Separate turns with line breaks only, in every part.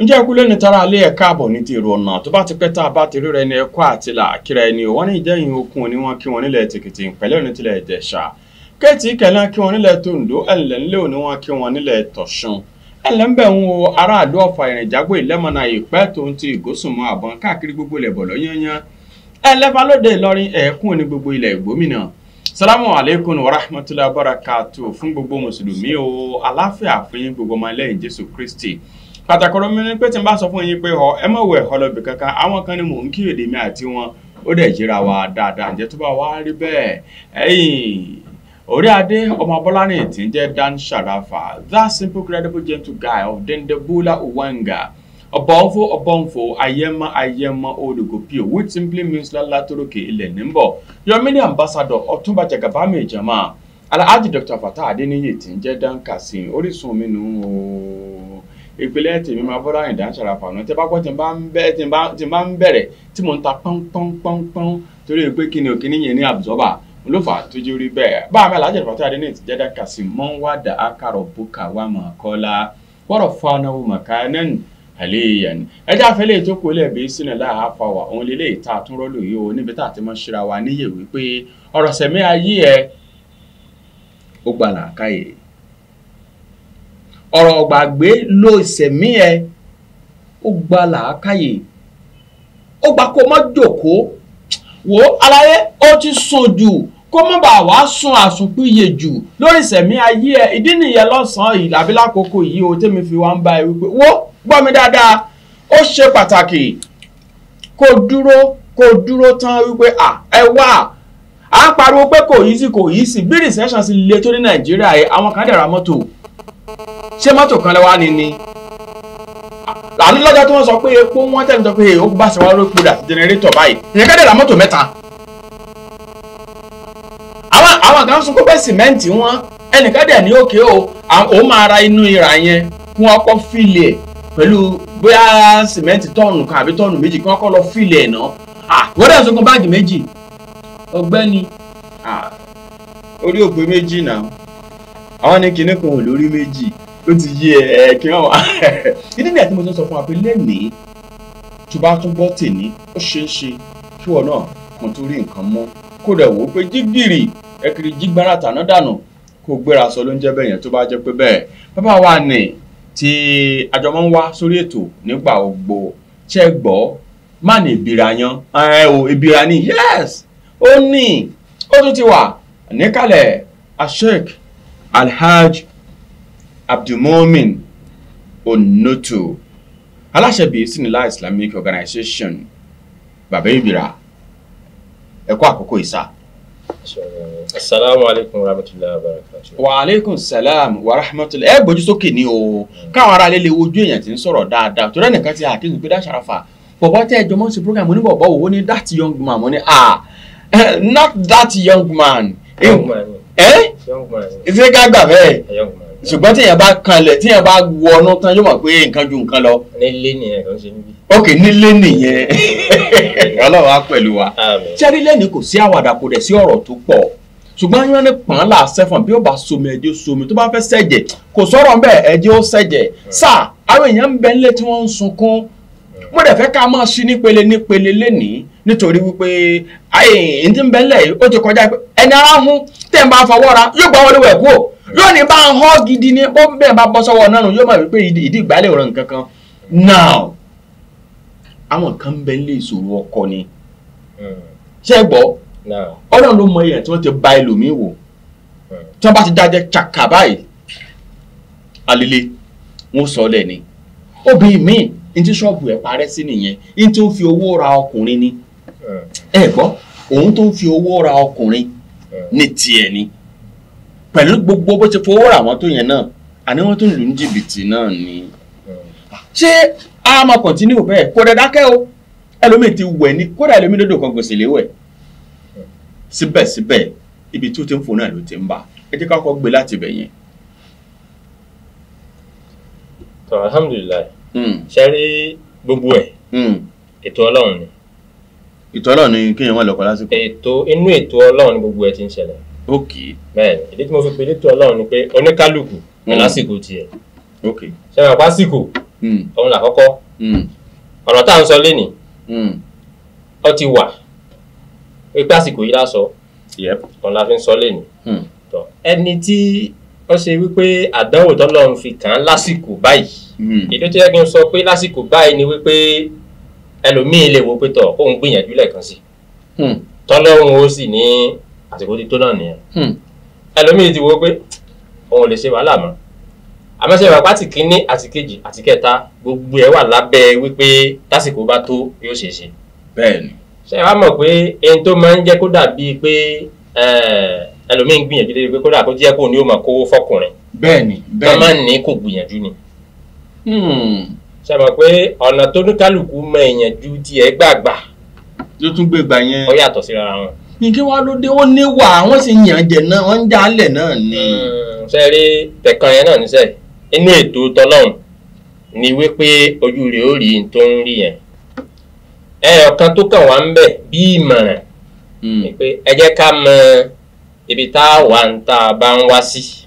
ǹjẹ́ ikú lẹ́ni tara alẹ́ ẹ̀ káàbọ̀ ní ti èrò ọ̀nà tó bá ti pẹ́ tá a bá ti ríra ẹni ẹ̀kọ́ àti là kíra ẹni wọ́n ní ìjẹ́yìn okun ni wọ́n kí wọn nílẹ̀ tìkìtì ìpẹ́lẹ́ ní tilẹ̀ ìjẹ̀ṣà kéètì kẹlẹ́ kí wọn nílẹ̀ tòǹdó ẹ̀lẹ́ ńlẹ́ òní wọn kí wọn nílẹ̀ tọ̀ṣun ẹ̀lẹ́ ń bẹ̀ ń wo aráàlú ọ̀fà ìrìnjàgbó ìlẹ́mọ̀nà ìpẹ́ salamu aleykum wa rahmatulahi wa barakatu fún gbogbo mùsùlùmí o aláfẹ́ àfihàn gbogbo ọmọ ẹlẹ́yìn jésù kristi kàtàkùrọ̀ mi pé tí n bá sọ fún yín pé ọ ẹ mọ̀ wẹ̀ ọ lọ́bì kankan àwọn kan ni mò ń kí àti wọn ó dẹ̀ yíra wa dáadáa ǹjẹ́ tó bá wá rí bẹ́ẹ̀ ẹ̀yìn orí adé ọmọ ń jẹ́ Dan Sharafa that simple credible gentle guy of dendebula Uwanga ọbọ̀nfo ọbọ̀nfo ayẹ́mọ́ ayẹ́mọ́ which ìpínlẹ̀ tèmi máa bọ́dọ̀ àyìndá ń ṣàràfà ọ̀nà tẹ́ bá gbọ́ tí n bá ń bẹ̀rẹ̀ tí mò ń ta pọ́npọ́npọ́npọ́n torí pé kí ni òkè níyẹn ní absorber ló fà á tójú rí bẹ́ẹ̀ bá a mẹ́la àjẹ̀dẹ̀ fàtí adéní ìtìjẹ́dá kàsí mọ́ wá dà á kàrọ̀ bùkà wá mà kọ́lá wọ́rọ̀ fáná wò mà ká nẹ́ẹ̀n àlẹ́ yẹn ẹjẹ́ àfẹ́lẹ́ tó kó lẹ́ẹ̀bí sínú láàá wà òun lélẹ́ ìta àtúnrọ́lù yìí a ti mọ́ ṣíra wa níyè wípé ọ̀rọ̀ gbàgbé lo ìsẹ̀mí ẹ ó gba làákàyè ó gba kó mọ́ jòkóó wò ó aláyé ó ti sùn jù kó mọ́ bàa wá sun àsùnpìyè jù lórí ìsẹ̀mí ayé ẹ ìdí nìyẹn lọ́sàn-án yìí àbí lákòókò yìí o tẹ́mi fi wá ń bá ẹ wípé wò gbọ́ mi dáadáa ó ṣe pàtàkì kó dúró kó dúró tán wípé à ẹ wá à ń pariwo pé kò yí sí kò yí sí bí recession sì le tó ní nàìjíríà yìí àwọn kan dẹ̀ ra mọ́tò ṣé mọ́tò kan lẹ́wà ni ni àní lọ́jà tí wọ́n sọ pé epo wọ́n tẹ̀lé sọ pé ó bá ṣe wá lóko dà jẹnẹrétọ̀ báyìí ìyẹn kẹ́dẹ̀ ra mọ́tò mẹ́ta àwọn àwọn kan sunkún pé sìmẹ́ǹtì wọn ẹnìkan dẹ̀ ní òkè o òun máa ra inú ìrà yẹn kí wọ́n kọ́ fíìlì ẹ̀ pẹ̀lú bóyá sìmẹ́ǹtì tọ́ọ̀nù kan àbí tọ́ọ̀nù méjì kí wọ́n kọ́ lọ fíìlì ẹ̀ náà wọ́n dẹ̀ sunkún báàgì méjì ọgbẹ́ni orí òpè méjì náà àwọn ní kinní kan ò lórí méjì ó ti yé ẹ kí wọn wá. nínú ìgbà tí mo ti sọ fún wa pé lẹ́nìí tó bá tún gbọ́ tèmi ó ṣeé ṣe kí wọn náà kàn tó rí nǹkan mọ́ kódà wò ó pé jígìrì ẹkiri jígbára tàná dànù kó gbéra sọ ló ń jẹ́ bẹ́ẹ̀ yẹn tó bá jẹ́ pé bẹ́ẹ̀ bàbá wa nì tí àjọmọ́ ń wá sórí ètò nígbà ògbò ṣẹ́ gbọ́ má ní ìbíra yan ẹ o ìbíra ni yes ó ní ó tún ti wà níkàlẹ̀ ashek alhaj abdulmumin onoto aláṣẹ bíi sinila islamic organization bàbá ìbíra ẹ kú àkókò ìsà. asalaamu aleykum wa rahmatulahi wa barakatu. wa aleykum salaam wa rahmatulahi ẹ gbójú sókè ni o káwọn aráalé lele wojú èèyàn tí ń sọ̀rọ̀ dáadáa torí ẹnìkan ti àkíyèsí pé dáṣàràfà bọ̀bọ̀ tẹ́ ẹjọ́ mọ́ sí program oníbọ̀bọ̀ wo ni that young man mo ní ah eh, not that young man. young man. Eh?
ìfẹ́
ká gbà bẹ́ẹ̀ ṣùgbọ́n tíyẹn bá kanlẹ̀ tíyẹn bá wọnú tán yóò mọ̀ pé nǹkan ju nǹkan lọ. nílé nìyẹn ló ń ṣe níbí. ok nílé nìyẹn ọlọ́run á pẹ̀lú wa. sẹ́rí lẹ́ni kò sí àwàdà kò dẹ̀ sí ọ̀rọ̀ tó pọ̀ ṣùgbọ́n yín ní pọ́n là sẹ́fọ̀n bí ó bá somi ẹ̀jẹ̀ somi tó bá fẹ́ sẹ̀jẹ̀ kò sọ̀rọ̀ ń bẹ̀ ẹ̀jẹ̀ ó sẹ̀jẹ̀ hmm. sáà àwọn èèyàn ń bẹ tí wọ́n ń sunkún mo dẹ̀ fẹ́ ká mọ̀ sí nípele nípele lénìí nítorí wípé ẹ̀yìn tí ń bẹ́lẹ̀ yìí ó ti kọjá pé ẹni ara ń hún tẹ̀ ń bá fọwọ́ ra yóò gbà wọlé wẹ̀ kú ò yóò ní bá ń họ́ gidi ní ó bẹ́ẹ̀ bá bọ́ sọ́wọ́ náà yóò mọ̀ wípé ìdí ìgbálẹ̀ ọ̀rọ̀ nǹkan kan now àwọn kan ń bẹ nílé ìṣòro ọkọ ni hmm. ṣé gbọ́ ọlọ́run ló mọ èèyàn tí wọ́n ti ba ẹlòmíì wò hmm. tí wọ́n bá ti dájẹ́ chaka alele wọ́n sọ ọ́ lẹ́ni obìnrin míì n tí ṣọ́ọ̀bù ẹ̀ parẹ́ sí nìyẹn n tó ń fi owó ra ọkùnrin ni ẹ gbọ́ òun tó ń fi owó ra ọkùnrin ní tiẹ̀ ni pẹ̀lú gbogbo bó ṣe fowó ra àwọn tó yẹn náà àní wọ́n tún lù ní jìbìtì náà ni ṣé a máa kọ̀ntínú bẹ́ẹ̀ kó dẹ̀ dákẹ́ o ẹlòmíì ti wẹ̀ ni kódà ẹlòmíì lódò kan gbèsè léwẹ̀ síbẹ̀síbẹ̀ ibi tó ti ń fò ló ti ń bà ẹ jẹ́ ká kọ́ gbé láti bẹ̀ yẹn. alhamdulilayi Hmm. ṣẹ́rí gbogbo ẹ̀ hmm. ètò ọlọ́run ni. ètò ọlọ́run ni kéèyàn wọn lọ́kọ lásìkò. ètò inú ètò ọlọ́run ni gbogbo ẹ ti ń ṣẹlẹ̀. ok. bẹ́ẹ̀ ìdí tí mo fi pe ètò ọlọ́run ni pé oníkálukú ni hmm. lásìkò tiẹ̀. ok. ṣẹ́rí àpá àsìkò òun làkọ́kọ́ ọ̀rọ̀ tá à ń sọ lénìí ọ ti wà pé àsìkò yìí lásọ òun la fi ń sọ lénìí ẹni tí ó ṣe wípé àdánwò tọ́lọ́run fi kàn án lásìkò báyìí èdè hmm. tó yẹ kí n sọ pé lásìkò báyìí ni wípé ẹlòmíín lè wo pé tọ̀ kó ń gbìyànjú lẹ́ẹ̀kan sí hmm. tọ́lọ́run ó sì ní àsìkò tí tó náà nìyẹn hmm. ẹlòmíín ti wo pé òun lè ṣe wàhálà mọ́ àmọ́sẹ̀ ìwà pátì kínní àti kejì àti kẹta gbogbo ẹ̀ wà lábẹ́ wípé tásìkò bá tó yóò ṣe é ṣe. bẹ́ẹ̀ni. ṣé wàá mọ̀ pé ẹni tó máa ń jẹ́ kó dàbí pé ẹlòmíín gbìyànjú lé pé kódà kó jẹ́ kó ní ó máa kówó fọkùnrin. bẹ́ẹ̀ni bẹ́ẹ̀ni. tó máa ń ní kò gbìyànjú ni
sábà
hmm. pé ọ̀nà tó ní kálukú mọ èèyàn ju tiẹ̀ gbàgbà. ló tún gbé gbà yẹn. ó yàtọ̀ síra wọn. nǹkan wa ló dé ó níwà wọ́n sì yàn jẹ náà wọ́n ń jálẹ̀ náà ni. Hmm. ṣe rí tẹ̀kan yẹn náà níṣẹ́ inú ètò tọlọ́run ni wípé ojú rẹ̀ ó rí tó ń rí yẹn. ẹyọ kan tó kàn wá ń bẹ̀ bí ìmọ̀ràn hmm. ni pé ẹ jẹ́ ká mọ ibi tá a wà ń tá a bá ń wá sí. Si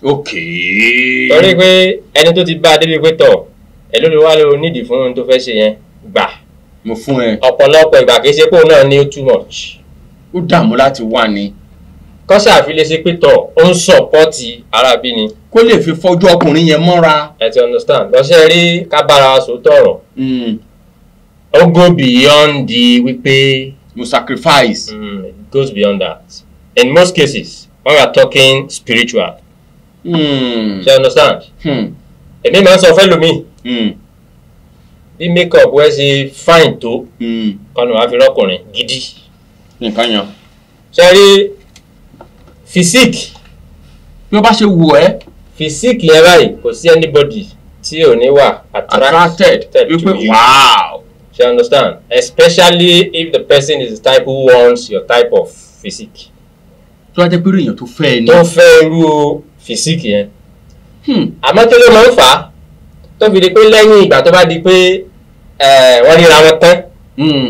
Okay. torí pé ẹni tó ti bá a débi pé tọ̀ ẹ ló lè wá lọ nídìí fún ohun tó fẹ́ ṣe yẹn gbà. mo fún ẹ. ọ̀pọ̀lọpọ̀ ìgbà kì í ṣe pé òun náà ní too much. ó dààmú láti wá ni kọ́sà àfilẹ̀ ṣe pé tọ̀ ó ń sọ̀pọ́tì arábí ni. kó lè fi fọjú ọkùnrin yẹn mọ́ra. ẹ ti understand lọ́sẹ̀ rí kábàárà aṣọ tọ̀rọ̀. Hmm. ó go beyond the wípé. mo sacrifice. Mm, it goes beyond that. in most cases when we are talking spiritual
Hmm. ṣe understand Hmm. èmi máa ń me.
Hmm. The makeup wẹ́ ṣe fine tó hmm. kọ́nù àfirọ́kùnrin gidi. nǹkan yan. ṣe rí fisik. bí wọ́n bá ṣe wù ẹ́. fisik yẹn báyìí Physique sí anybody because ò anybody see attracted to attracted. wow. ṣe understand especially if the person is the type who wants your type of physique. tó bá jẹ́ pé irú èèyàn tó fẹ́ ẹ fìsíkì yẹn hmm. àmọ́ kí ló máa ń fà á tó fi di pé lẹ́yìn ìgbà tó bá di pé wọ́n ríra wọn tán hmm.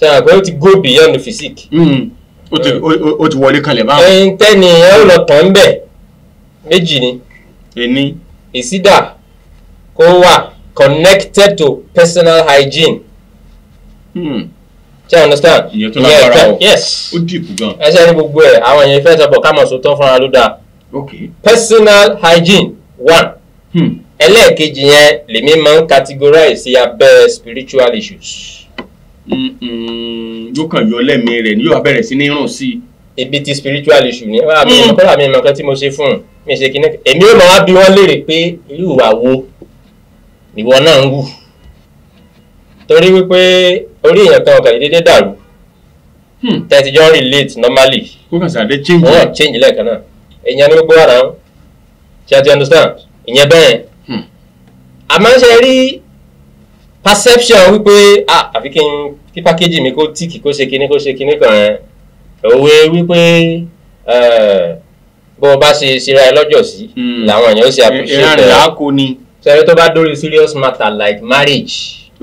ṣe àwọn pé ó ti go beyond physique. Hmm. ó ti wọlé kalẹ̀ báwọn. ẹyin tẹ́ni ẹ ó lọ tàn bẹ̀ méjì ni. èmi. ìsídà kó wà connected to personal hygiene. Hmm ṣe you understand. ìyẹn tó lágbára o
ó dìbò gan. ẹ
ṣe ní gbogbo ẹ àwọn èèyàn fẹ́ sọ pé ká mọ̀ sótọ́ fúnra ló dáa. Okay. personal hygiene one hmm. ẹlẹ́ẹ̀kejì yẹn lèmi máa ń categorize sí abẹ́ spiritual issues. yóò kàn yọ lẹ́mìí rẹ̀ ni yóò bẹ̀rẹ̀ sí ní rùn sí i. ibi ti spiritual issue ni wàá mi hmm. mọ̀ kọ́lá mi mọ̀ kan tí mo ṣe fún un mi ṣe kíní èmi ò máa bí wọ́n léèrè pé irú ìwà wo ìwọ náà ń wù torí wípé orí èèyàn kan ọ̀gá ìdédé dàrú hmm. tẹ̀síjọ́ relate normally. kó sàdé change. wọ́n change lẹ́ẹ̀kan náà èèyàn ní gbogbo àrà ń ṣe àti understand ìyẹn bẹ́ẹ̀ àmọ́ hmm. ṣe rí perception wípé ah àfi kí n kí pákéjì mi kó tíìkì kó ṣe kinní kó ṣe kinní kan ẹ̀ òwe wípé bó o bá ṣe ṣera ẹ lọ́jọ́ sí hmm. làwọn èèyàn ó ṣe appreciate ìrìn àrà kò ní. sẹ́ni tó bá dórí serious matter like marriage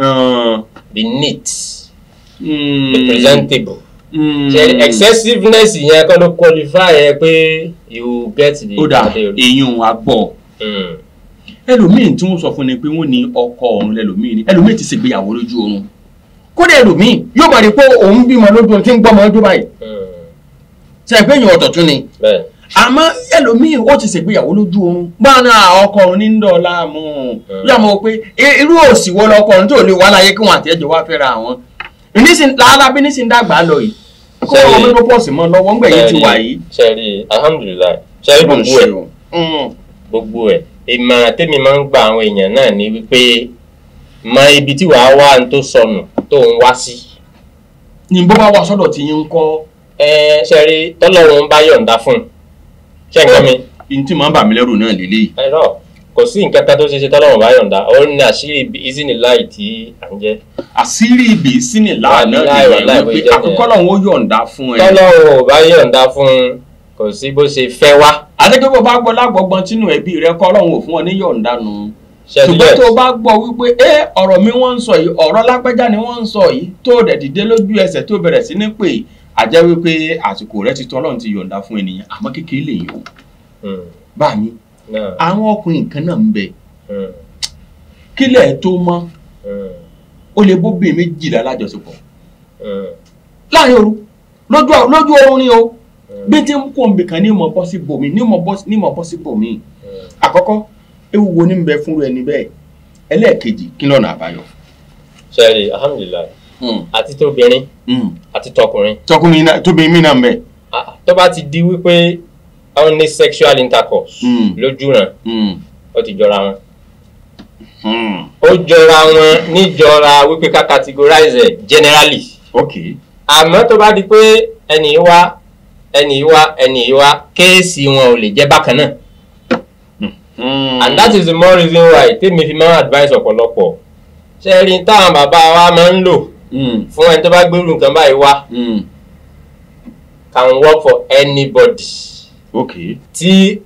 uh. be neat mm. be presentable Hmm. excessiveness yẹn kọ́ ló qualify ẹ pé you get the. ó dà eyín hmm. ẹlòmíín tí wọ́n sọ fún ni pé wọ́n ní ọkọ ọ̀run lẹ́lòmíín ẹlòmíín ti ṣègbéyàwó lójú oorun kódà ẹlòmíín yóò rí pé òun bímọ lójú oorun tí ń gbọ́mọ lójú báyìí hmm. ni àmọ́ ẹlòmíín ó ti ṣègbéyàwó lójú oorun gbọ́nà ọkọ ní mu yàmọ̀ pé irú òsì wo lọkọ ọ̀run tó nísìn lárábí nísìn dàgbà lọ yìí kó wọn mẹ́nu pọ̀sì mọ́ lọ́wọ́ ń gbẹ̀yìn ti wà yìí. sẹ́ẹ̀rì alhamdulilayi sẹ́ẹ̀rì gbogbo
ẹ̀ mm.
gbogbo ẹ̀ ìmọ̀ràn tẹ́mi máa ń gba àwọn èèyàn náà ni wípé mọ ibi tí wàá wá ń tó sọnù tó ń wá sí. ní bó bá wà sọ́dọ̀ tí yín ń kọ́. ẹ sẹ́ẹ̀rì tọ́lọ́run bá yọ̀ǹda fún un ṣẹ́ǹkọ́ mi. ntí màá bà mí lẹ́rù náà lélẹ́yìí kò sí nǹkan kan tó ṣe ṣe tọ́lọ́run bá yọ̀ǹda ó ní àṣírí ibi ìsìnì láì tí
à ń jẹ́. àṣírí
ibi ìsìnì láì náà ìyẹn wípé àkọ́kọ́ lọ́hún ó yọ̀ǹda fún ẹ. tọ́lọ́run ò bá yọ̀ǹda fún un kò sí bó ṣe fẹ́ wá. àdéhùn bó bá gbọ́ lágbọ́gbọ́n tínú ẹbí rẹ kọ́ ọlọ́run ò fún ọ ní yọ̀ǹda nù. ṣùgbọ́n tó bá gbọ́ wípé ẹ ọ̀rọ̀ mi wọ́n ń sọ yìí ọ̀rọ̀ lágbájá ni wọ́n ń sọ yìí tó dẹ̀ lójú ẹsẹ̀ tó bẹ̀rẹ̀ sí ní pè àjẹ́ wípé àsìkò rẹ ti tọ́ ti yọ̀ǹda fún ènìyàn àmọ́ kékeré lè yọ. báyìí àwọn ọkùnrin kan náà ń bẹ hmm. kílẹ̀ tó mọ́ ó hmm. lè bóbìnrin méjìlá lájọṣepọ̀ hmm. láàrin òru lójú oorun ni o bí tí ń kó omi kan ní mọ̀ pọ́síbò mi ní mọ̀ pọ́síbò mi àkọ́kọ́ ewu wo ni ń bẹ fún ẹni bẹ́ẹ̀ ẹlẹ́ẹ̀kejì kí lọ́nà àbáyọ. sẹ́ẹ̀rì alhamdulilayi àti tóbìnrin àti tọkùnrin. tọkùnrin tóbìnrin mi náà ń bẹ. Ah, tó bá ti di wípé àwọn ní sexual intercourse hmm. lójúràn hmm. ó ti jọra wọn hmm. ó jọra wọn níjọra wípé ká categorize it generally àmọ́ tó bá di pé ẹnì yìí wá ẹnì yìí wá ẹnì yìí wá kéèsì wọn ò lè jẹ́ bákan náà and that is the more reason why tèmi fi máa advice ọ̀pọ̀lọpọ̀ ṣe rí táwọn bàbá wa máa ń lò fún ẹni tó bá gbèrú nǹkan báyìí wá can work for anybody okay. tí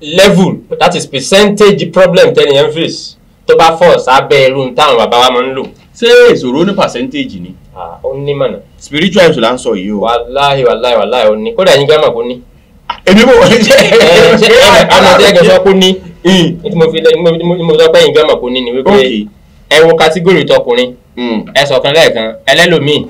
level that is percentage problem tẹ́ni yẹn face tó bá force abẹ́ irú táwọn bàbá wa máa ń lò. ṣé ìṣòro ní percentage ni. ó ní mọ̀nà. spiritual islam ń sọ yìí o. wàláhì wàláhì wàláhì ó ní kódà yín gámà kó ní. èmi kò wọlé jẹ. ẹ ṣe àmọ́ tí ẹgbẹ́ sọ kó ní. mo fi mo sọ pé yín gámà kó ní ni wípé ẹ wo kátígórì tọkùnrin ẹ sọ̀kan lẹ́ẹ̀kan ẹlẹ́lòmíì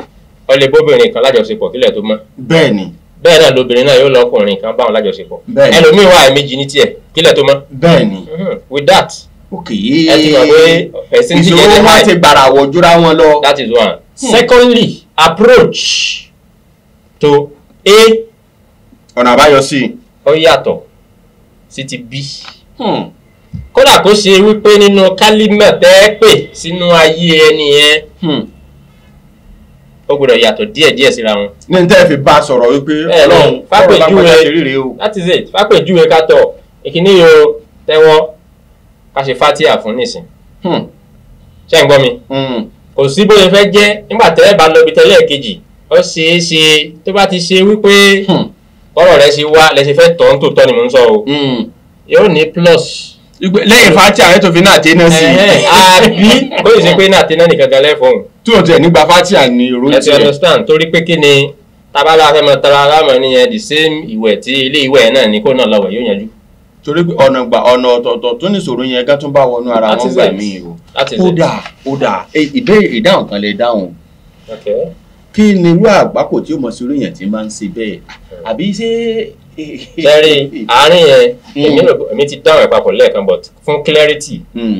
ó lè bóbìnrin kan lájọṣepọ̀ kílẹ̀ tó mọ́. bẹ́ẹ̀ ni bẹ́ẹ̀ náà lobìnrin náà yóò lọ́kùnrin kan báwọn lájọṣepọ̀ ẹlòmíín wà méjì ní tiẹ̀ kílẹ̀ tó mọ́. bẹ́ẹ̀ni mhm, with that. ok ìṣòro wọn ti gbàrà àwọ̀júra wọn lọ. that is one. Hmm. secondly approach to a. ọ̀nà àbáyọ sí i. ó yàtọ̀ sí ti b. Hmm. kódà kó ṣe wípé nínú kálímà tẹ́ pè sínú ayé ẹni yẹn hmm ó gbọ́dọ̀ yàtọ̀ díẹ̀ díẹ̀ síra wọn. ní n tẹ́ fi bá a sọ̀rọ̀ wípé ọlọ́run fápẹ̀júwe that is it fápẹ̀júwe ká tọ̀ ìkíní yo tẹ́wọ́ ká ṣe fatia fún nísìn hmm. ṣé ń gbọ́ mi hmm. kò sí bóyá fẹ́ jẹ́ nígbà tẹ́lẹ̀ bá lọ ibi tẹ́lẹ̀ kejì ó ṣeé ṣe tó bá ti ṣe wípé hmm. ọ̀rọ̀ rẹ ṣe wá lẹ́sẹ̀ fẹ́ tọ̀ ń tòótọ́ ni mò ń sọ o yóò ní plus lẹ́yìn fatia ẹ̀ tó fi náà tẹ́ náà sí i. àbí bóyá ṣe pé náà tẹ́ náà nìkan gan lẹ́fọ̀ọ́ tí o tẹ̀ nígbà fatia ni èrò tiẹ̀. ẹ ti understand torí pé kí ni tabalá fẹ́ mọ tara alámọ̀ nìyẹn the same ìwẹ̀ tí ilé ìwẹ̀ náà ni kó náà lọ́wọ́ yóò yanjú. torí pé ọ̀nà gbà ọ̀nà ọ̀tọ̀ọ̀tọ̀ tó ní ìṣòro yẹn gán tún bá wọnú ara wọn gbà mí o. ó dà ó dà e, ìdáhùn kan lè dáhùn. kí ni irú àgbákò tí ó mọ̀ sí irú yẹn tí máa ń ṣe bẹ́ẹ̀ àbí ṣé sẹ́rí àárín yẹn èmi hmm. ti dáhùn ẹ̀ papọ̀ lẹ́ẹ̀kan but fún clarity hmm.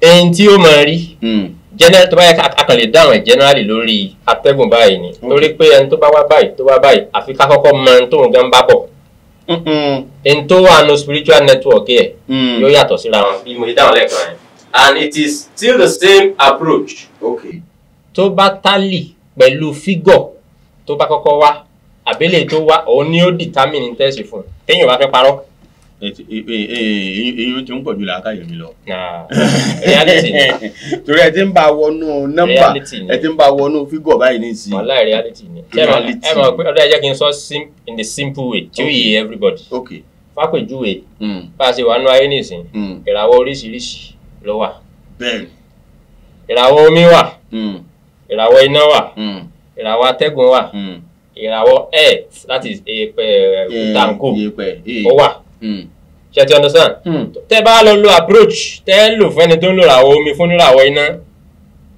ẹni tí ó máa rí hmm general tó bá yẹ ká lè dáhùn ẹ̀ generally lórí atẹ́gùn báyìí ni torí pé ẹni tó bá wá báyìí tó wá báyìí àfi ká kọ́kọ́ mọ ẹni tóun gan bá bọ̀ ẹni tó wà no spiritual network yẹ mm. yóò yàtọ̀ síra wọn bí mo ṣe dáhùn lẹ́ẹ̀kan yẹn and it is still the same approach. Okay. tó bá tálì pẹ̀lú fígọ̀ tó bá kọ́kọ́ wá àbẹ́lẹ̀ tó wá òun ni ó determine tẹ́sí fún un téèyàn bá fẹ́ parọ́ eyín tí ń pọ̀ ju làákàyè mi lọ. Ah, torí ẹ ti ń bá wọnú nọ́mbà ẹ ti ń bá wọnú fígọ̀ báyìí ní wàhálà reality ni ẹ mọ̀ pé ọdọ ẹ kí n sọ in the simple way tí ó yé everybody. fàpèjúwe hmm. bá a ṣe wà nú ayé nìsín hmm. ìràwọ̀ oríṣiríṣi ló wà. ìràwọ̀ omi wà hmm. ìràwọ̀ iná wà ìràwọ̀ atẹ́gùn wà ìràwọ̀ earth that is èèpẹ̀ eh, eh, òtàǹkò eh. ó wà ṣe ti understand. Hmm. tẹ bá lọ lo approach tẹ lò fún ẹni tó ń lò ràwọ̀ omi fún níràwọ̀ iná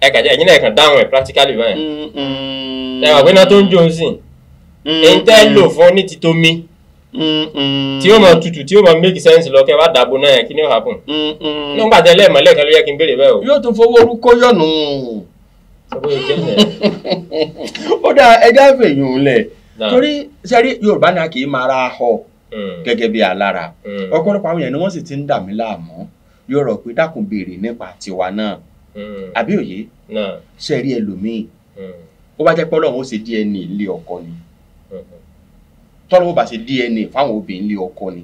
ẹ kàn jẹ náà kàn dáhùn ẹ practically báyìí. Hmm, hmm. ẹ wà pé iná tó ń jó sí èyí tẹ lò fún ní ti tomi tí ó mọ tutù tí ó mọ make sense lọ kẹ wá dàbò náà yẹn kí ni ó happen. nígbà tẹ lẹ́ẹ̀mọ́ lẹ́ẹ̀kan ló yẹ kí n béèrè bẹ́ẹ̀ o. yóò tún fowó orúkọ yọ̀nù. ó dáa ẹja fèèyàn lẹ̀ torí sẹ́rí Yorùbá náà kì í máa ra ọ. Hmm. gẹ́gẹ́ bí alára hmm. ọ̀pọ̀lọpọ̀ àwọn èèyàn ni wọ́n sì ti ń dà mí láàmú yóò rọ̀ pé dákun béèrè nípa tiwa náà hmm. àbí òye ṣe ẹlòmíì ó bá jẹ́ pé ọlọ́run ó ṣe DNA ilé ọkọ ni tọ́lọ́wọ́ bá ṣe DNA fáwọn obìnrin ilé ọkọ ni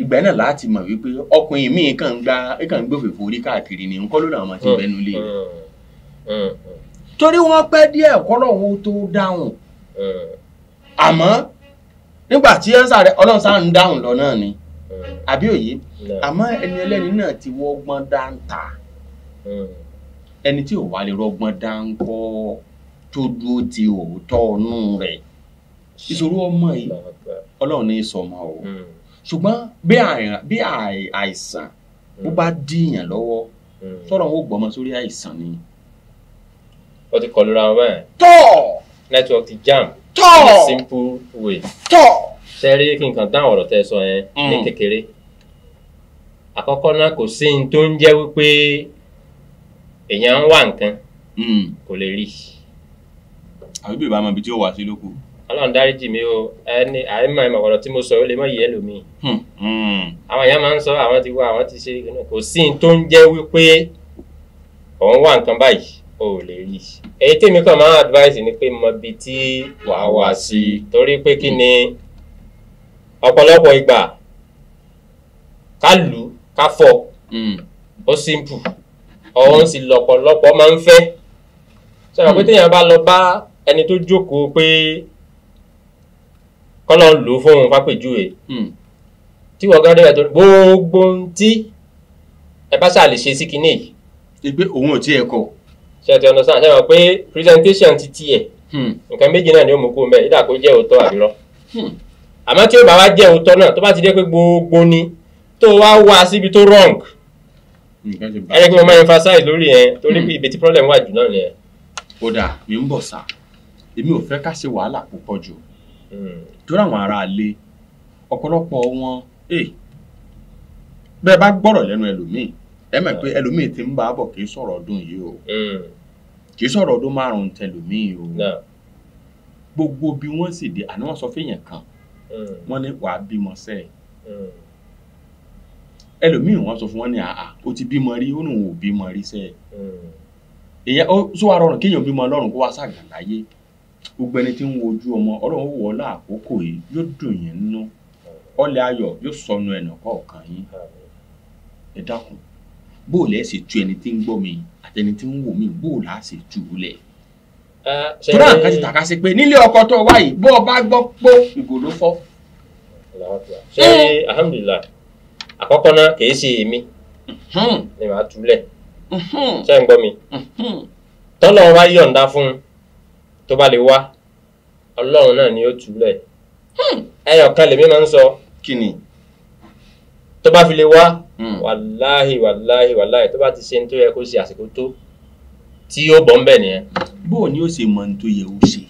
ìgbà náà láti mọ̀ wípé ọkùnrin míì kàn ń gba kàn ń gbòfè forí káàkiri ni nǹkan ló làwọn ti bẹnu lé torí wọ́n pẹ́ díẹ̀ kọ́lọ́run ó tó dáhùn àmọ́ nígbà tí ẹ̀sà rẹ ọlọ́run sáà ń dáhùn lọ náà ni hmm. àbí òye hmm. àmọ́ ẹni ẹlẹ́ni náà ti wọ́gbọ́n dáńtà hmm. ẹni tí ò wá lè rọ́gbọ́n dáńkọ́ tó dúró ti òótọ́ ọ̀nù rẹ̀ ìṣòro ọmọ yìí ọlọ́run ní sọmọ o ṣùgbọ́n bí àìsàn bó bá dìyàn lọ́wọ́ sọ̀rọ̀ wọn ò gbọ́mọ sórí àìsàn ni. wọ́n ti kọlu ra wọn
báyìí.
network ti jam tọ́ in a simple way tọ́ ṣe rí kí n kàn dáhùn ọ̀rọ̀ tẹ́ sọ yẹn ní mm. kékeré àkọ́kọ́ náà kò sí ní tó ń jẹ́ wípé èèyàn ń wá nǹkan mm. kò lè rí. àbí bèbá àmọ́ ibi tí ó wà sí lóko. ọlọ́run dáríjì mi o ẹni àìmọ̀ ẹ̀mọ̀ ọ̀rọ̀ tí mo sọ ó lè mọ̀ yẹ lómii. àwọn èèyàn máa ń sọ àwọn ti wá àwọn ti ṣe kò sí ní tó ń jẹ́ wípé òun wá nǹkan báyìí o ò lè rí i. tèmi kàn máa advice ni pé mọ ibi tí wàá wá sí torí pé kí ni ọ̀pọ̀lọpọ̀ ìgbà ká lù ú ká fọ hmm. ó simple ọ̀hún sì lọ̀pọ̀lọpọ̀ máa ń fẹ́ sọ̀rọ̀ pé hmm. téèyàn bá lọ bá ẹni tó jókòó pé kọ́lọ̀ ń lò ó fóun fápèjúwe hmm. tí wọ́n gán débẹ̀ tó gbogbo tí ẹ bá ṣàlè ṣe sí kinní yìí. ìgbé òun ò tí ẹ kọ ṣe ti understand ṣe mọ̀ pé presentation ti tiẹ̀ hmm. nǹkan méjì náà ni ó mú kó mẹ́ ìdá kó jẹ́ òótọ́ àbírọ́ hmm. àmọ́ tí ó bá wá jẹ́ òótọ́ náà tó bá ti dé pé gbogbo ni tó wá wá síbi tó wrong ẹ jẹ́ kí mo máa emphasize lórí yẹn torí pé hmm. ibi tí problem wà jù náà nìyẹn. kódà mi ń bọ̀ sá èmi ò fẹ́ ká ṣe wàhálà púpọ̀ jù torí àwọn ará ilé ọ̀pọ̀lọpọ̀ wọn eh, bẹ́ẹ̀ bá gbọ́rọ̀ lẹ́nu ẹlòmíì ẹ mọ̀ pé ẹlòmíì ti ń bá a bọ̀ kì í sọ̀rọ̀ ọdún yìí o mm. kì í sọ̀rọ̀ ọdún márùn-ún o gbogbo bí wọ́n sì dé àná wọ́n sọ kan mm. wọ́n ní wàá bímọ sẹ́ẹ̀ mm. ẹlòmíì wọ́n sọ fún wọn ní àà o ti bímọ rí ó nùhùn bímọ rí sẹ́ẹ̀ èyàn ó sọ wa rọrùn kéèyàn bímọ ọlọ́run kó wá ságà gbogbo ẹni tí ń wojú ọmọ ọlọ́run ó wọ ọ yìí yóò dùn yín ayọ̀ yóò kọ̀ọ̀kan bó o lẹ́ ṣe tu ẹni tí ń gbọ́ mi àtẹni tí ń wò mí bó o là á ṣe tu u lẹ̀. tóra nǹkan ti tàka sí pé nílé ọkọ tó wá yìí bó o bá gbọ́ pé ìgò ló fọ́. ṣé alhamdulilah àkọ́kọ́ náà kì í ṣe èmi ni màá tu lẹ̀ ṣé ń gbọ́ mi tọ́lọ́ wa yọ̀ǹda fún un tó bá lè wá ọlọ́run náà ni ó tu lẹ̀ ẹyọ̀kan lèmi máa ń sọ kí ni tó bá fi lè wá. Mm. wàláhì wàláhì wàláhì tó bá ti ṣe ní tó yẹ kó ṣe àsìkò tó tí ó bọ̀ ń bẹ̀ nìyẹn. bó o ní o ṣe mọ ní tó yẹ o ṣe.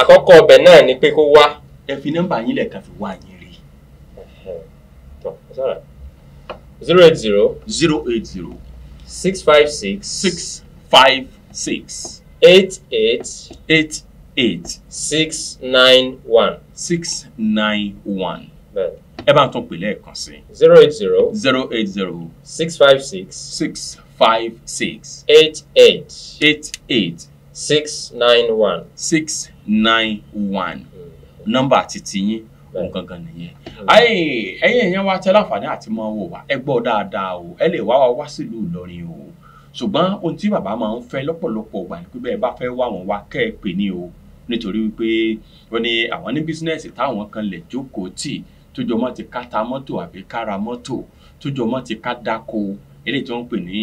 àkọ́kọ́ ọbẹ̀ náà ni pé kó wá. ẹ fi nọ́mbà yín lẹ̀ ká fi wá yín rí. zero eight zero. zero eight zero. six five six. six five six. eight eight. eight eight. six nine one. six nine one. bẹ́ẹ̀ ẹ bá ń tún pè lẹ́ẹ̀kan sí. zero eight zero. zero eight zero. six five six. six five six. eight eight. eight eight. six nine one. six nine one. Mm. nọ́mbà titi yín òun gangan nìyẹn. Mm. ayé ẹ̀yin èèyàn wa tẹ́lá àǹfààní àti máa wò wá ẹ gbọ́ dáadáa o ẹ lè wá wa wá sílùú Ìlọrin o ṣùgbọ́n ohun tí bàbá máa ń fẹ́ lọ́pọ̀lọpọ̀ ọgbà ni pé bẹ́ẹ̀ bá fẹ́ wá wọn wá kẹ́ ẹ pè ní o nítorí wípé wọ́n ní àwọn ní bísínẹ́sì táwọn kan lè jókòó tì tó jọ mọ́ ti ká ta mọ́tò àbí ká ra mọ́tò tó jọ mọ́ ti ká dáko eléyìí tí wọ́n ń pè ní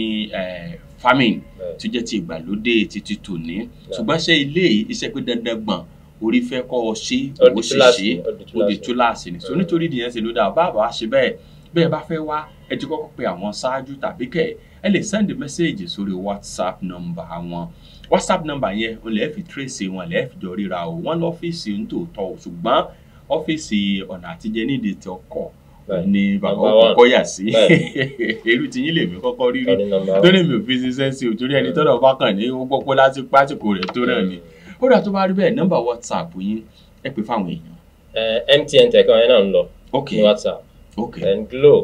farming tó jẹ́ ti ìgbàlódé ti ti tòní ṣùgbọ́n ṣe ilé yìí iṣẹ́ pé dandan gbọ̀n orí fẹ́ kọ́ ọ ṣe owó ṣèṣe odi túláàsì ni so nítorí ìdíyẹn ṣe ló dáa bá àbá ṣe bẹ́ẹ̀ bẹ́ẹ̀ bá fẹ́ wá ẹ ti kọ́kọ́ pe àwọn ṣáájú tàbí kẹ̀ ẹ lè send message sórí whatsapp number wọn whatsapp number yẹn o lè fi trace wọn lè fi jọ ríra o wọn lọ́fíìsì ń tòótọ́ o ṣùgbọ́n ọ́fíìsì ọ̀nà àtijẹ ní ìdètè ọkọ̀ ni bàbá ọkọ̀ yà sí èrú ti yín lèmi kọ́kọ́ rírí tó ní mi ò fi ṣiṣẹ́ sí o torí ẹni tọ́dọ̀ bá kàn ní ó gbọ́pọ́ láti pásìkò rẹ̀ tó náà ni ó dà tó bá rí bẹ́ẹ̀ nọ́mbà whatsapp yín ẹ pè fáwọn èèyàn. MTN tẹ̀kọ́ ẹ náà ń lọ ní whatsapp okay. then Glo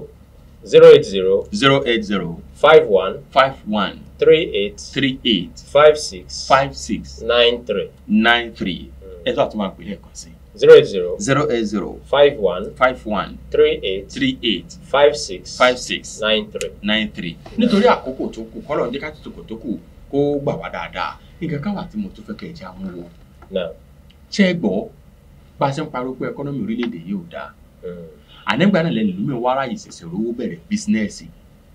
zero eight zero zero eight zero five one five one three eight three eight five six five six nine three nine three mm. ẹ tó àtúmọ̀ àpèlé ẹ̀kọ́ sí i zero eight zero zero eight zero five one five one three eight three eight five six five six nine three nine three. nítorí àkókò tó kù kọ́lọ̀ ní ká tètè tó kù kó gbà wá dáadáa nǹkan kan wà tí mo tún fẹ́ kẹ́ ẹ jẹ́ àmúlò. ṣé ẹ gbọ́ bá a ṣe ń pariwo pé ẹkọ́nọ́mì orílẹ̀-èdè yìí ò dáa hmm. ànẹ́gbà náà lẹ́nu lómi wá ráyè ṣẹ̀ṣẹ̀ rówó bẹ̀rẹ̀ bísínẹ́ẹ̀sì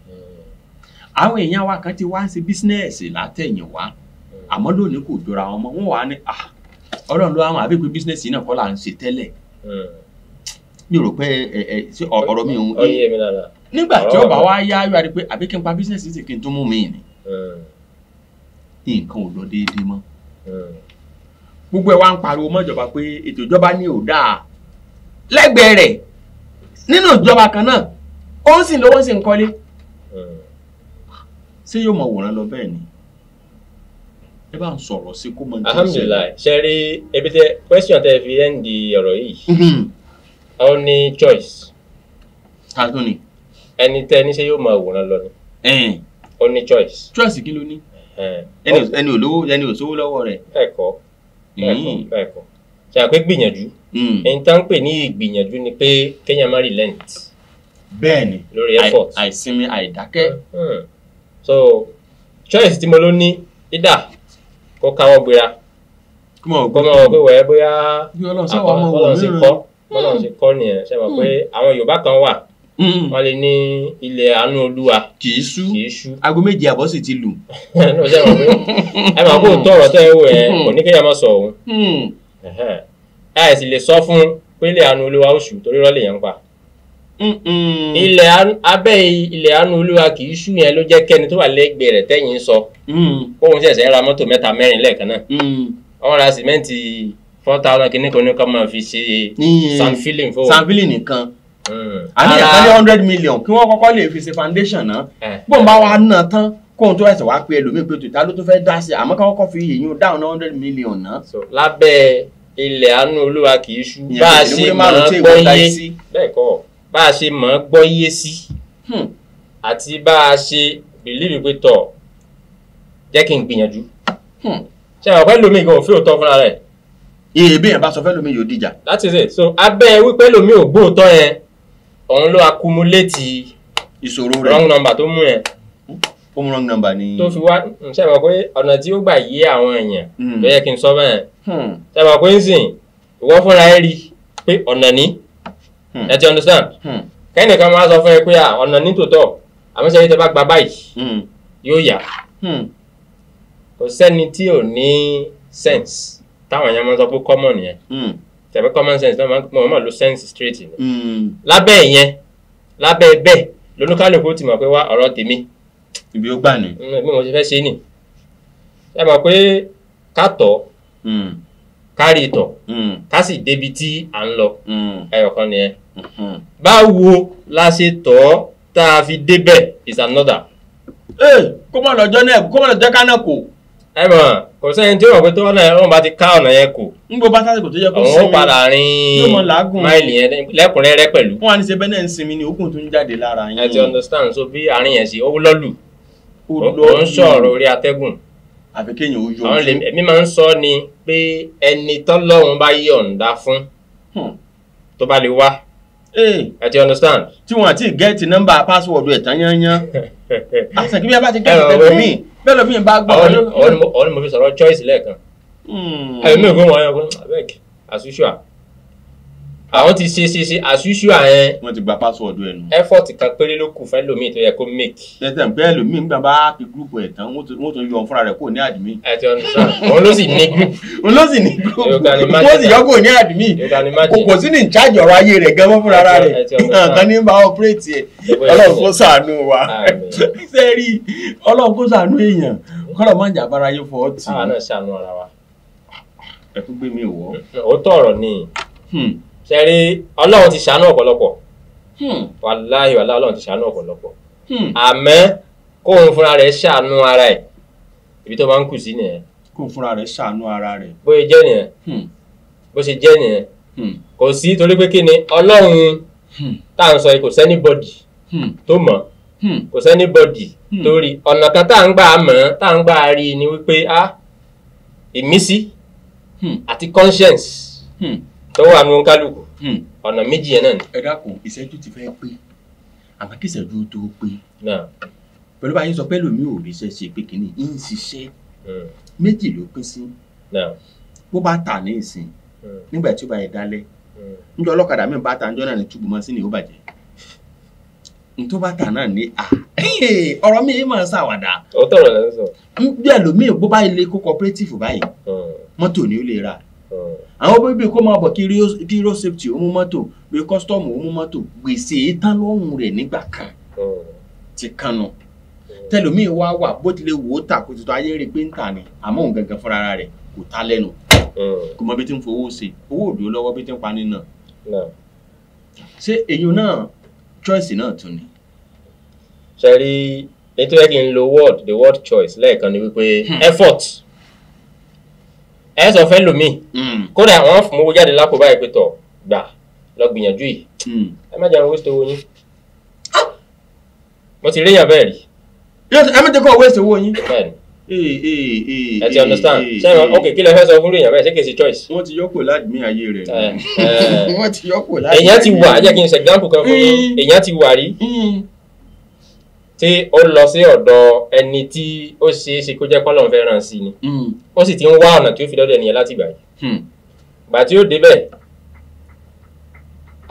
hmm. àwọn èèyàn wa kan ti wá ń ṣe bísínẹ́ẹ̀sì látẹ̀yìn wá hmm. àmọ́ lónìí kò jọra wọn mọ́ wọn wà á ní ah, ọlọ́run ló wá wọn àbí pé bísínẹ́sì náà kọ́ là ń ṣe tẹ́lẹ̀ hmm. mi rò pé ẹ ẹ sí ọ̀rọ̀ mi òun yé nígbà tí ọba wa yá yóò rí pé àbí kí n pa bísínẹ́sì sì kí n tún mú mi ni hmm. nǹkan ò lọ déédéé mọ́ hmm. gbogbo ẹ wá ń pariwo mọ́ ìjọba pé ètò ìjọba ni ò dáa lẹ́gbẹ̀ẹ́ rẹ̀ nínú ìjọba kan náà ó ń sìn lówó sí ń kọ́lé ṣé yóò mọ̀ wòran lọ bẹ́ẹ̀ ni ẹ bá ń sọ̀rọ̀ sí kó mọ ní. alhamdulilayi ṣe rí ebi tẹ question tẹ fi ẹ ń di ọ̀rọ̀ yìí àwọn mm-hmm. ní choice. ta ló ní. ẹni tẹ ní ṣe yóò máa wòran lọ ni. ó ní choice. choice kí ló ní. ẹni olówó ẹni òṣòwò lọ́wọ́ rẹ̀. ẹ̀kọ́ ẹ̀kọ́ mm-hmm. ẹ̀kọ́ ṣe àpé gbìyànjú. Mm. ẹni tá ń pè ní ìgbìyànjú ni pé kéèyàn má relent. bẹ́ẹ̀ni lórí effort àìsinmi àìdákẹ́. so choice tí mo ló ní ìdá kó káwọ́ gbéra kó mọ̀ pé wẹ́ẹ́ bóyá
àkọ́kọ́ ṣe kọ́ bọ́lá
mm. ṣe kọ́ nìyẹn ṣe mọ̀ pé mm. àwọn Yorùbá kan wà mm. wọ́n lè ní ilẹ̀ àánú olúwa kì í sú kì í sú aago méje àbọ̀ sì ti lù. ṣe mọ̀ pé ẹ mọ̀ pé òótọ́ ọ̀rọ̀ tẹ́ ẹ wò ẹ kò ní kéèyàn mọ̀ sọ òun ẹ sì lè sọ fún pé àánú olúwa ó ṣù torí rọ́ọ̀lì yẹn pa
ilẹ̀
abẹ́ ilẹ̀ àánú olúwa kì í sùn yẹn ló jẹ́ kẹ́ni tó wà lẹ́gbẹ̀ẹ́ rẹ̀ tẹ́yìn sọ mm. kóun ṣẹ̀ṣẹ̀ ra mọ́tò mẹ́ta mẹ́rin lẹ́ẹ̀kan náà mm. wọ́n ra sìmẹ́ǹtì four thousand kìíní kan ní ká máa fi ṣe sanfilin fún wọn. sanfilin nìkan àní mm. ẹ̀ka ní hundred million kí wọ́n kọ́kọ́ lè fi ṣe foundation náà eh. bóun bá wa ná tán kóun tó ẹsẹ̀ wá pé ẹlòmíì pé tòtá ló tó fẹ́ dá sí àmọ́ ká kọ́kọ́ fi yìnyín down ní hundred million náà. lábẹ́ ilẹ̀ àánú olúwa kì í ṣú bá a ṣe máa gbọ́ yé bẹ́ẹ̀ kọ́ bá a ṣe mọ̀ ọ́ gbọ́ yé sí hmm. àti bá a ṣe bìlíìfì pé tọ̀ jẹ́ kí n gbìyànjú hmm. ṣe àwọn ọ̀pẹ́ lomi gan òfin òótọ́ fúnra rẹ̀. èébì yẹn bá sọ fẹ́ lomi yóò dìjà. that is it so abẹ́ wípé lomi ò gbóòótọ́ yẹn òun ló akumuleti ìṣòro rẹ̀ wrong number tó mú yẹn. ó wrong number ni. tó fi wá ṣe àwọn pé ọ̀nà tí ó gbà yé àwọn èèyàn hmm. ló yẹ kí n sọ bẹ́ẹ̀ ṣe àwọn pé ń sìn ìwọ fúnra ẹ rí pé ọ̀nà ni. Hmm. ẹ ti understand hmm. kẹ́nìkan máa sọ fún ẹ pé ọ̀nà nítòótọ́ àmọ́sẹ́yìn tẹ bá gba báyìí hmm. yóò yá kò sẹ́ni tí ò ní sense táwọn èèyàn máa ń sọ pé common yẹn tẹ̀wé common sense náà máa máa lo sense straight ni lábẹ́ ìyẹn lábẹ́ bẹ́ẹ̀ lónúkálùkù ti mọ̀ pé wá ọ̀rọ̀ tèmi ibi ó gbà ní. bí mo ṣe fẹ́ ṣe nì ẹ mọ̀ pé ká tọ̀ kárí ìtọ̀ ká sì débi tí à ń lọ ẹyọ̀kan nìyẹn. Mm-hmm. báwo la ṣe tọ̀ ọ́ tá a fi débẹ̀ is another. ee kó mọ̀ lọ́jọ́ náà kó mọ̀ lọ́jọ́ kánà kò. ẹ mọ̀ kò sẹ́yìn tí wọ́n pe tó náà wọ́n bá ti ká ọ̀nà yẹn kò. n bó bá sásìkò tó yẹ kó sinmi àwọn padà rin máìlì yẹn lẹ́kùnrẹ́rẹ́ pẹ̀lú. wọ́n á ní ṣe bẹ́ẹ̀ náà ń sinmi ni okùn tó ń jáde lára yín. ẹ ti understand so bí àárín yẹn ṣe ó lọ́lù ó ń sọ̀rọ̀ orí atẹ́gùn àfi kéèyàn ó yọ ojú. mi máa ń sọ ni pé ẹni tọ́lọ́run bá yọ̀ǹda fún hmm. tó bá lè wá ẹ ti understand. tí wọn àti gẹ́ẹ̀tì nọ́mbà pásíwọ̀dù ẹ̀ tán yányán àṣàkí ah, bí a bá ti gẹ́ẹ̀tì tẹ̀lé mi bẹ́ẹ̀ lọ́bí yẹn bá gbọ́. ọ̀hún ni mo fi sọ̀rọ̀ choice lẹ́ẹ̀kan hmm. ẹ̀mí ìgbóhùn ọ̀yọ́ àwọn ti ṣe ṣe ṣe àṣùṣù àyẹn. wọn ti gba password ẹnu effort kan péré ló kù fẹ́ lómi tó yẹ kó make. tẹ́tẹ̀ bẹ́ẹ̀ bá fi group ẹ̀ tán wọ́n yọ fúnra rẹ̀ kó ní ẹ ti ọ̀nà sàn òun yọ kó ní kò sí ní ọ̀rọ̀ ayé rẹ̀ gan mọ́ fúnra rẹ̀ ní bá ọlọ́run kó ṣẹ́rí ọlọ́run ti ṣàánú ọ̀pọ̀lọpọ̀ hmm. wàláhì wàláhì ọlọ́run ti ṣàánú ọ̀pọ̀lọpọ̀ hmm. àmọ́ kóun fúnra rẹ̀ ṣàánú ara ẹ̀ ibi tó máa ń kù sí nìyẹn. kóun fúnra rẹ̀ ṣàánú ara rẹ̀. bó ṣe jẹ́ nìyẹn hmm. bó ṣe jẹ́ nìyẹn kò sí torí pé kí ni ọlọ́run tá à ń sọ yìí kò sẹ́ni bọ́dì tó mọ̀ kò sẹ́ni bọ́dì tó ọ̀nà kan tá à ń gbà mọ̀ tá à ń gbà rí ni wípé ah ìmísí àti conscience tó wà nù kálukú hmm. ọ̀nà méjì yẹn náà ni. ẹ dákun ìṣẹ́jú ti fẹ́ pé àmọ́ kí ìṣẹ́jú tó pé pẹ̀lú báyìí sọ pé lómi ò ríṣẹ́ ṣe pé kínní ń ṣiṣẹ́ hmm. méjì ló pín sí bó bá tà ní ìsìn hmm. nígbà tí ó bá yẹ dálẹ̀ níjọ́ ọlọ́kadà mi bá ta níjọ́ náà ní túbú mọ́ sí ni ó bàjẹ́ tó bá tà náà ní à ọ̀rọ̀ mi yìí máa ń ṣàwàdà. ó tọrọ lẹ́nu sọ. bí ẹlòmíì bó bá ilé kó cooperative báyìí mọ́tò ni ó lè rà àwọn bébì kó máa bọ̀ kí road safety ó mú mọ́tò bí custom ó mú mọ́tò gbèsè tán lọ́rùn rẹ̀ nígbà kan ti kanu tẹlomi wa wà bó tilẹ̀ wò ó tà kó tuntun ayé rè pé ń tà ni àmọ́ òun gangan fúnra rẹ̀ kò ta lẹ́nu mm. kò mọ bí tí ń fowó ṣe owó òdò lọ́wọ́ bí tí ń pa nínà ṣé èyí náà choice náà tún ni. ṣe rí nítorí kí n lo word the word choice lẹ́ẹ̀kan ni wípé hmm. effort ẹ sọ fẹ́ lómi hmm. kódà wọ́n fún owó jáde lápò báyìí pé tọ̀ gbà lọ gbìyànjú yìí hmm. ẹ má jẹun waste owó yín mo ti ríyàn bẹ́ẹ̀ rí. ẹ má jẹ́ kó waste owó yín. ẹ ti understand sẹ́yìn ok kí lẹ fẹ́ sọ fún ríyàn bẹ́ẹ̀ ṣé kìí ṣe choice. wọ́n ti yọ́pò láàdìmí ayé rẹ̀ eh, eh. wọ́n ti yọ́pò láàdìmí ayé rẹ̀ èèyàn ti wà jẹ́ kí n ṣe example kan fún yín hmm. èèyàn ti wà rí ṣé ó lọ sí ọ̀dọ̀ ẹni tí ó ṣeé ṣe kó jẹ́ pọ́nlọ́n fẹ́ ràn sí ni hmm. ó sì ti ń wá ọ̀nà tí ó fi dọ́dọ̀ ènìyàn láti gbà yìí hmm. gbà tí ó débẹ̀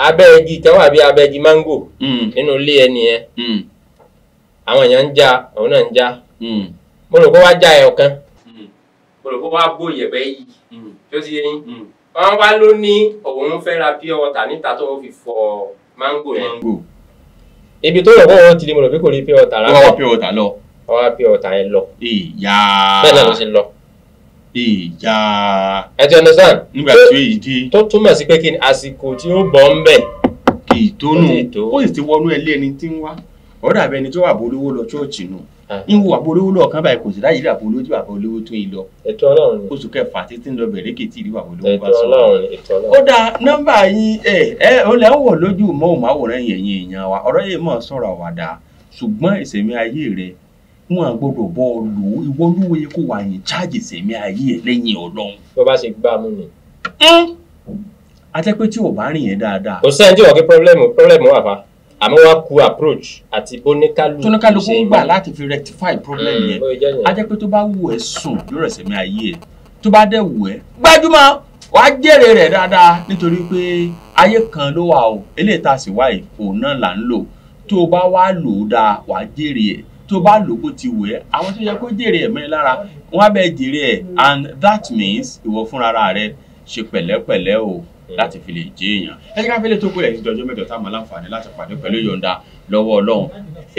abẹ́ igi kan wà bí abẹ́ igi máńgò hmm. nínú ilé ẹni àwọn èèyàn ń já òun náà ń já mo rò kó wá já ẹ̀ ọ̀kan mo rò kó wá bó ìyẹ̀pẹ̀ yìí tó ti yẹ yín wọ́n wá ló ní òun fẹ́ ra pure water níta tó fi fọ máńgò yẹn ibi tó yọ̀ bọ́ wọn ti di mo rò pé kò rí pure water rárá wọ́n wá pure water lọ wọ́n wá pure water yẹn lọ. ìyá bẹ́ẹ̀ náà ló ti lọ. ìyá ẹ ti understand. nígbà tó èyí di. tó túmọ̀ sí pé kí ni àsìkò tí ó bọ̀ ń bẹ̀. kì í tónú ó sì ti wọnú ẹlẹ́ni tí ń wá ọ̀dà abẹni tó wà bolówó lọ ṣọ́ọ̀ṣì nù. No ń wo àpò olówó lọ́ọ̀kan báyìí kò sí láyé àpò olówó tí àpò olówó tó yìí lọ. ètò Ọlọ́run ni oṣù kẹfà títí ń lọ bẹ̀rẹ̀ kìtì ìdí àpò olówó bá sọ. ètò Ọlọ́run ni
ètò Ọlọ́run. kódà
nọ́mbà yín ẹ ẹ ó lẹ́ ń wọ̀ lójú mọ́ òun àwòrán yẹn yẹn èèyàn wa ọ̀rọ̀ yẹn mọ̀ sọ̀rọ̀ àwàdà ṣùgbọ́n ìsẹ̀mí ayé rẹ wọn gbọ́dọ̀ bọ ọ lò ó ìwọ olúwo yẹ kó wà yín chájì ìsẹ̀mí ayé ẹ lẹ́yìn Ọlọ́run. bó bá ṣe gbá mú ni. àti pé tí o bá rìn yẹn dáadáa. kò sẹ́ni tí wọ́n kí pọ́blẹ́mù pọ́blẹ́mù wà fa àmọ́ wá ku approach àti oníkálukú tóníkálukú ń gbà láti fi rectify problem mm, yẹn a jẹ́ pé tó bá wù ẹ́ sùn yóò rẹ̀ sẹ́mi ayé ẹ̀ tó bá dẹ̀ wù ẹ́ gbájúmọ́ wàá jèrè rẹ̀ dáadáa nítorí pé ayé kan ló wà o eléyìí tá a sì wá yìí òun náà là ń lò tó o bá wá lò ó dáa wàá jèrè ẹ̀ tó bá lò bó ti wù ẹ́ àwọn tó yẹ kó jèrè ẹ̀ mẹ́rin lára wọ́n á bẹ jèrè ẹ̀ and that means ìwọ fúnra rẹ̀ ṣe pẹ̀lẹ́pẹ̀lẹ́ o láti fi lè jí èèyàn ẹ jẹ́ ká fẹ́lẹ́ tó gbé ẹ̀sìn dọjọ́ mẹ́jọ táwọn aláǹfààní láti pàdé pẹ̀lú yọ̀ǹda lọ́wọ́ ọlọ́run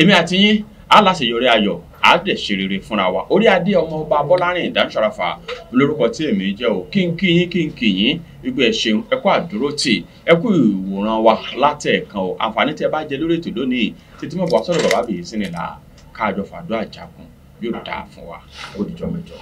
èmi àti yín á láṣeyọrí ayọ̀ á dẹ̀ ṣe rere fúnra wa orí adé ọmọ ọba bọ́lárìn ìdánṣọ́rafa lórúkọ tí èmi jẹ́ o kí n kí yín kí n kí yín wípé ẹ ṣeun ẹ kú àdúró tì ẹ kú ìwòran wa látẹ̀ẹ̀kan o àǹfààní tẹ bá jẹ lórí ètò lónìí títí mọ̀ bọ́ sọ̀rọ̀ bàbá bìí sínú ìlà káàjọ fàdúrà jákun yóò dáa fún wa ó dìjọ́ mẹ́jọ.